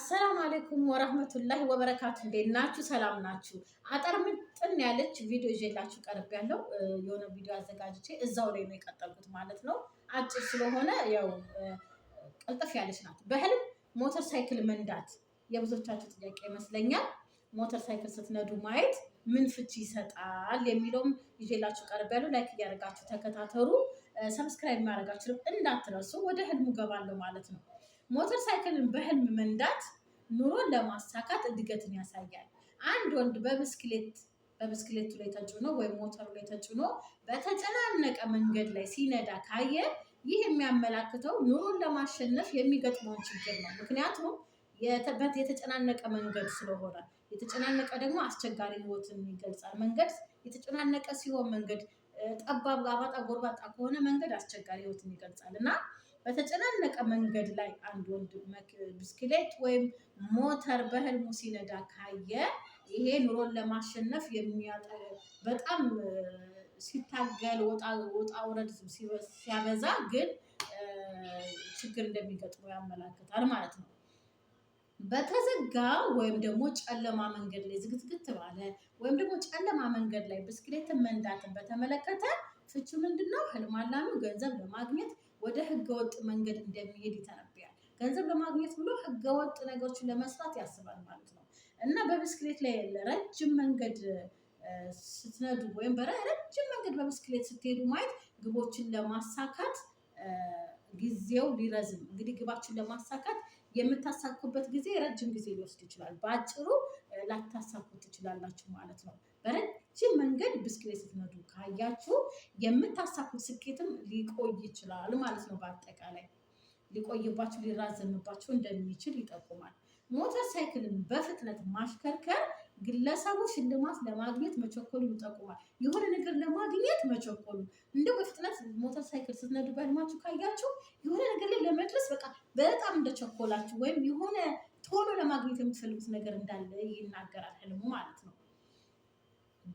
አሰላም አለይኩም ወረህመቱላሂ ወበረካቱ። እንዴት ናችሁ? ሰላም ናችሁ? አጠር ምጥን ያለች ቪዲዮ ይዤላችሁ ቀርብ ያለው የሆነ ቪዲዮ አዘጋጅቼ እዛው ላይ ነው የቀጠልኩት ማለት ነው። አጭር ስለሆነ ያው ቀልጠፍ ያለች ናት። በህልም ሞተር ሳይክል መንዳት የብዙዎቻችሁ ጥያቄ ይመስለኛል። ሞተር ሳይክል ስትነዱ ማየት ምን ፍቺ ይሰጣል የሚለውም ይዤላችሁ ቀርብ ያለው። ላይክ እያደረጋችሁ ተከታተሉ። ሰብስክራይብ ማድረጋችሁንም እንዳትረሱ። ወደ ህልሙ ገባለሁ ማለት ነው። ሞተር ሳይክልን በህልም መንዳት ኑሮን ለማሳካት እድገትን ያሳያል። አንድ ወንድ በብስክሌት በብስክሌቱ ላይ ተጭኖ ወይም ሞተሩ ላይ ተጭኖ በተጨናነቀ መንገድ ላይ ሲነዳ ካየ ይህ የሚያመላክተው ኑሮን ለማሸነፍ የሚገጥመውን ችግር ነው። ምክንያቱም የተጨናነቀ መንገድ ስለሆነ የተጨናነቀ ደግሞ አስቸጋሪ ህይወትን ይገልጻል። መንገድ የተጨናነቀ ሲሆን መንገድ ጠባብ፣ አባጣ ጎርባጣ ከሆነ መንገድ አስቸጋሪ ህይወትን ይገልጻል እና በተጨናነቀ መንገድ ላይ አንድ ወንድ ብስክሌት ወይም ሞተር በህልሙ ሲነዳ ካየ ይሄ ኑሮን ለማሸነፍ በጣም ሲታገል ወጣ ውረድ ሲያበዛ ግን ችግር እንደሚገጥመው ያመላክታል ማለት ነው። በተዘጋ ወይም ደግሞ ጨለማ መንገድ ላይ ዝግትግት ባለ ወይም ደግሞ ጨለማ መንገድ ላይ ብስክሌትን መንዳትን በተመለከተ ፍቺው ምንድን ነው? ህልም አላሚው ገንዘብ ለማግኘት ወደ ህገወጥ መንገድ እንደሚሄድ ይተነብያል። ገንዘብ ለማግኘት ብሎ ህገወጥ ነገሮችን ለመስራት ያስባል ማለት ነው እና በብስክሌት ላይ ረጅም መንገድ ስትነዱ ወይም በረጅም መንገድ በብስክሌት ስትሄዱ ማየት ግቦችን ለማሳካት ጊዜው ሊረዝም እንግዲህ ግባችን ለማሳካት የምታሳኩበት ጊዜ ረጅም ጊዜ ሊወስድ ይችላል። በአጭሩ ላታሳኩ ትችላላችሁ ማለት ነው። ይህ መንገድ ብስክሌት ስትነዱ ካያችሁ የምታሳኩት ስኬትም ሊቆይ ይችላል ማለት ነው። በአጠቃላይ ሊቆይባችሁ ሊራዘምባችሁ እንደሚችል ይጠቁማል። ሞተር ሳይክልን በፍጥነት ማሽከርከር ግለሰቡ ሽልማት ለማግኘት መቸኮሉ ይጠቁማል። የሆነ ነገር ለማግኘት መቸኮሉ እንደው በፍጥነት ሞተር ሳይክል ስትነዱ በህልማችሁ ካያችሁ የሆነ ነገር ላይ ለመድረስ በቃ በጣም እንደቸኮላችሁ ወይም የሆነ ቶሎ ለማግኘት የምትፈልጉት ነገር እንዳለ ይናገራል ህልሙ ማለት ነው።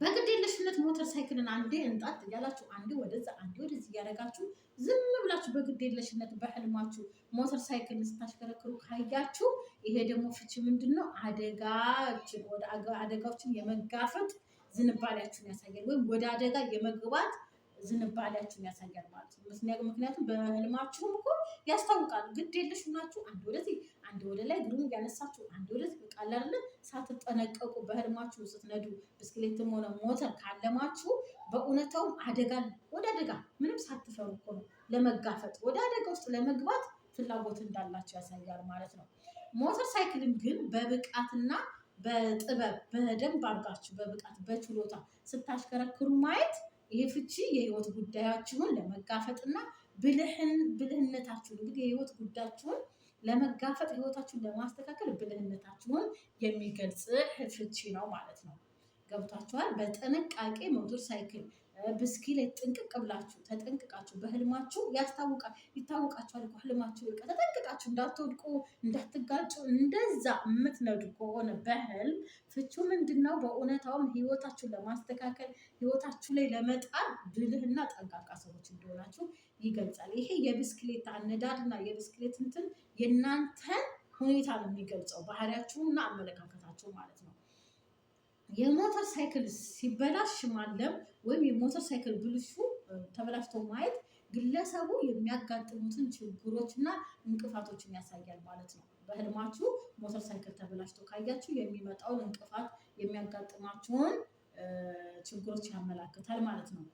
በግዴለሽነት ሞተር ሳይክልን አንዴ እንጣት እያላችሁ አንዴ ወደዛ አንዴ ወደዚህ እያደረጋችሁ ዝም ብላችሁ በግዴለሽነት በሕልማችሁ ሞተር ሳይክልን ስታሽከረክሩ ካያችሁ ይሄ ደግሞ ፍቺ ምንድን ነው? አደጋችን ወደ አደጋዎችን የመጋፈጥ ዝንባሌያችሁን ያሳያል፣ ወይም ወደ አደጋ የመግባት ዝንባሌያችሁን ያሳያል ማለት ነው። ምክንያቱም በህልማችሁም እኮ ያስታውቃሉ። ግድ የለሽ ሁናችሁ አንድ ወደዚህ አንድ ወደ ላይ እግሩን ያነሳችሁ አንድ ወደዚህ ቃል አይደለ ሳትጠነቀቁ በህልማችሁ ስትነዱ ብስክሌትም ሆነ ሞተር ካለማችሁ በእውነታውም አደጋ ወደ አደጋ ምንም ሳትፈሩ እኮ ነው ለመጋፈጥ ወደ አደጋ ውስጥ ለመግባት ፍላጎት እንዳላቸው ያሳያል ማለት ነው። ሞተር ሳይክልም ግን በብቃትና በጥበብ በደንብ አድርጋችሁ በብቃት በችሎታ ስታሽከረክሩ ማየት ይህ ፍቺ የህይወት ጉዳያችሁን ለመጋፈጥና ብልህነታችሁን እንግዲህ የህይወት ጉዳያችሁን ለመጋፈጥ ህይወታችሁን ለማስተካከል ብልህነታችሁን የሚገልጽ ፍቺ ነው ማለት ነው። ገብቷችኋል። በጥንቃቄ ሞተር ሳይክል ብስክሌት ጥንቅቅ ብላችሁ ተጠንቅቃችሁ በህልማችሁ ያስታውቃል ይታወቃችኋል ህልማችሁ ይልቃ ተጠንቅቃችሁ እንዳትወድቁ እንዳትጋጩ። እንደዛ የምትነዱ ከሆነ በህልም ፍቹ ምንድን ነው? በእውነታውም ህይወታችሁን ለማስተካከል ህይወታችሁ ላይ ለመጣል ብልህና ጠንቃቃ ሰዎች እንደሆናችሁ ይገልጻል። ይሄ የብስክሌት አነዳድና የብስክሌት እንትን የእናንተን ሁኔታ ነው የሚገልጸው፣ ባህሪያችሁና አመለካከታችሁ ማለት ነው። የሞተር ሳይክል ሲበላሽ ማለም ወይም የሞተር ሳይክል ብልሹ ተበላሽቶ ማየት ግለሰቡ የሚያጋጥሙትን ችግሮች እና እንቅፋቶችን ያሳያል ማለት ነው። በህልማችሁ ሞተር ሳይክል ተበላሽቶ ካያችሁ የሚመጣውን እንቅፋት የሚያጋጥማችሁን ችግሮች ያመላክታል ማለት ነው።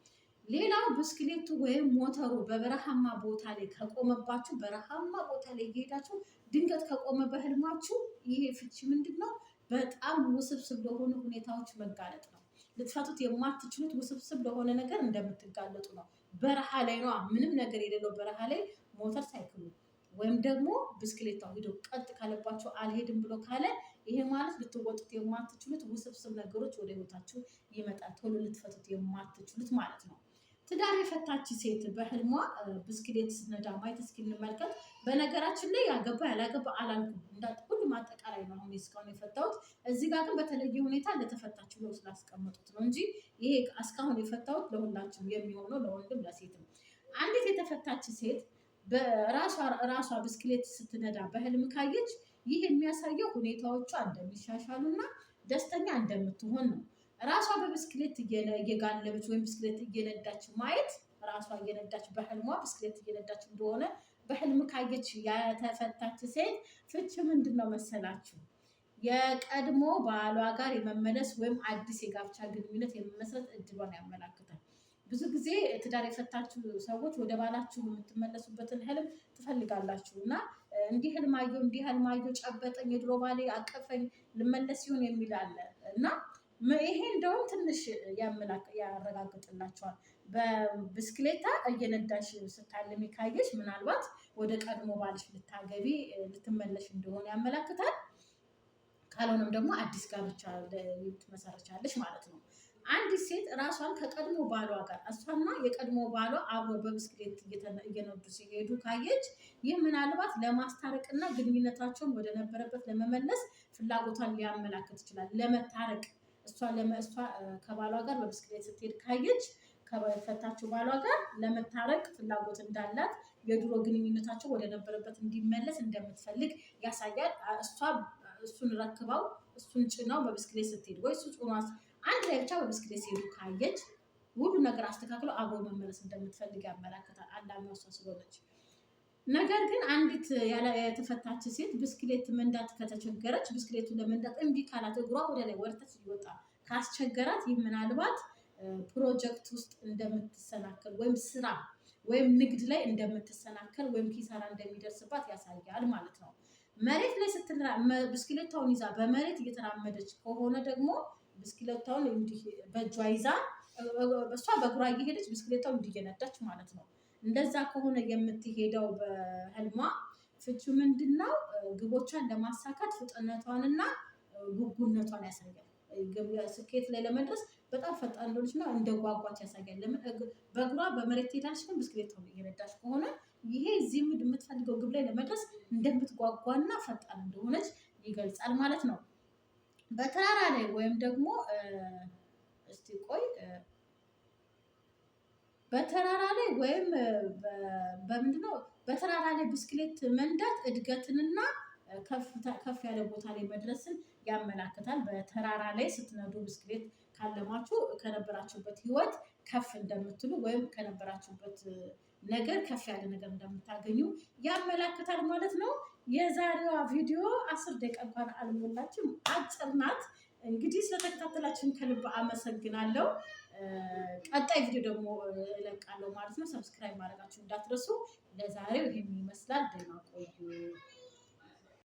ሌላው ብስክሌቱ ወይም ሞተሩ በበረሃማ ቦታ ላይ ከቆመባችሁ፣ በረሃማ ቦታ ላይ እየሄዳችሁ ድንገት ከቆመ በህልማችሁ ይሄ ፍቺ ምንድን ነው? በጣም ውስብስብ ለሆኑ ሁኔታዎች መጋለጥ ነው። ልትፈቱት የማትችሉት ውስብስብ ለሆነ ነገር እንደምትጋለጡ ነው። በረሃ ላይ ነው፣ ምንም ነገር የሌለው በረሃ ላይ ሞተር ሳይክሉ ወይም ደግሞ ብስክሌታ ሂዶ ቀጥ ካለባቸው አልሄድም ብሎ ካለ ይሄ ማለት ልትወጡት የማትችሉት ውስብስብ ነገሮች ወደ ህይወታችሁ ይመጣል። ቶሎ ልትፈቱት የማትችሉት ማለት ነው። ትዳር የፈታች ሴት በህልሟ ብስክሌት ስትነዳ ማየት እስኪ እንመልከት። በነገራችን ላይ ያገባ ያላገባ አላልኩም አጠቃላይ ነው አሁን እስካሁን የፈታሁት። እዚህ ጋር ግን በተለየ ሁኔታ ለተፈታች ብለው ስላስቀመጡት ነው እንጂ ይሄ እስካሁን የፈታሁት ለሁላችንም የሚሆነው ለወንድም ለሴት ነው። አንዲት የተፈታች ሴት በራሷ ብስክሌት ስትነዳ በህልም ካየች ይህ የሚያሳየው ሁኔታዎቿ እና ደስተኛ እንደምትሆን ነው። ራሷ በብስክሌት እየጋለበች ወይም ብስክሌት እየነዳች ማየት ራሷ እየነዳች በህልሟ ብስክሌት እየነዳች እንደሆነ በህልም ካየች የተፈታች ሴት ፍች ምንድን ነው መሰላችሁ? የቀድሞ ባሏ ጋር የመመለስ ወይም አዲስ የጋብቻ ግንኙነት የመመስረት እድሏን ያመላክታል። ብዙ ጊዜ ትዳር የፈታችሁ ሰዎች ወደ ባላችሁ የምትመለሱበትን ህልም ትፈልጋላችሁ እና እንዲህ ህልም እንዲህ ህልም ጨበጠኝ፣ የድሮ ባሌ አቀፈኝ፣ ልመለስ ሲሆን የሚል አለ እና ይሄ እንደውም ትንሽ ያረጋግጥላቸዋል። በብስክሌታ እየነዳሽ ስታልሚ ካየሽ ምናልባት ወደ ቀድሞ ባልሽ ልታገቢ ልትመለሽ እንደሆነ ያመላክታል። ካልሆነም ደግሞ አዲስ ጋብቻ ትመሰረቻለች ማለት ነው። አንዲት ሴት ራሷን ከቀድሞ ባሏ ጋር እሷና የቀድሞ ባሏ አብሮ በብስክሌት እየነዱ ሲሄዱ ካየች ይህ ምናልባት ለማስታረቅና ግንኙነታቸውን ወደነበረበት ለመመለስ ፍላጎቷን ሊያመላክት ይችላል። ለመታረቅ እሷ ለመእሷ ከባሏ ጋር በብስክሌት ስትሄድ ካየች ከፈታችው ባሏ ጋር ለመታረቅ ፍላጎት እንዳላት የድሮ ግንኙነታቸው ወደ ነበረበት እንዲመለስ እንደምትፈልግ ያሳያል። እሷ እሱን ረክባው እሱን ጭናው በብስክሌት ስትሄድ ወይ እሱ ጭኗት አንድ ላይ ብቻ በብስክሌት ሲሄዱ ካየች ሁሉ ነገር አስተካክለው አብሮ መመለስ እንደምትፈልግ ያመላክታል። አንዳንድ እሷ ስለሆነች ነገር ግን አንዲት የተፈታች ሴት ብስክሌት መንዳት ከተቸገረች ብስክሌቱ ለመንዳት እምቢ ካላት እግሯ ወደ ላይ ወርተት ካስቸገራት ይህ ምናልባት ፕሮጀክት ውስጥ እንደምትሰናከል ወይም ስራ ወይም ንግድ ላይ እንደምትሰናከል ወይም ኪሳራ እንደሚደርስባት ያሳያል ማለት ነው። መሬት ላይ ብስክሌታውን ይዛ በመሬት እየተራመደች ከሆነ ደግሞ ብስክሌታውን በእጇ ይዛ እሷ በእግሯ እየሄደች ብስክሌታውን እንዲየነዳች ማለት ነው። እንደዛ ከሆነ የምትሄደው በህልሟ ፍቺው ምንድን ነው? ግቦቿን ለማሳካት ፍጥነቷንና ጉጉነቷን ያሳያል። ስኬት ላይ ለመድረስ በጣም ፈጣን እንደሆነች እና እንደ ጓጓች ያሳያል። ለምን በእግሯ በመሬት ትሄዳለች፣ ግን ብስክሌት እየነዳች ከሆነ ይሄ እዚህ ምድ የምትፈልገው ግብ ላይ ለመድረስ እንደምትጓጓና ፈጣን እንደሆነች ይገልጻል ማለት ነው። በተራራ ላይ ወይም ደግሞ እስቲ ቆይ በተራራ ላይ ወይም በምንድነው በተራራ ላይ ብስክሌት መንዳት እድገትንና ከፍ ያለ ቦታ ላይ መድረስን ያመላክታል። በተራራ ላይ ስትነዱ ብስክሌት ካለማችሁ ከነበራችሁበት ህይወት ከፍ እንደምትሉ ወይም ከነበራችሁበት ነገር ከፍ ያለ ነገር እንደምታገኙ ያመላክታል ማለት ነው። የዛሬዋ ቪዲዮ አስር ደቂቃ እንኳን አልሞላችም፣ አጭር ናት። እንግዲህ ስለተከታተላችሁን ከልብ አመሰግናለሁ። ቀጣይ ቪዲዮ ደግሞ እለቃለሁ ማለት ነው። ሰብስክራይብ ማድረጋችሁ እንዳትረሱ። ለዛሬው ይህን ይመስላል። ደህና ቆዩ።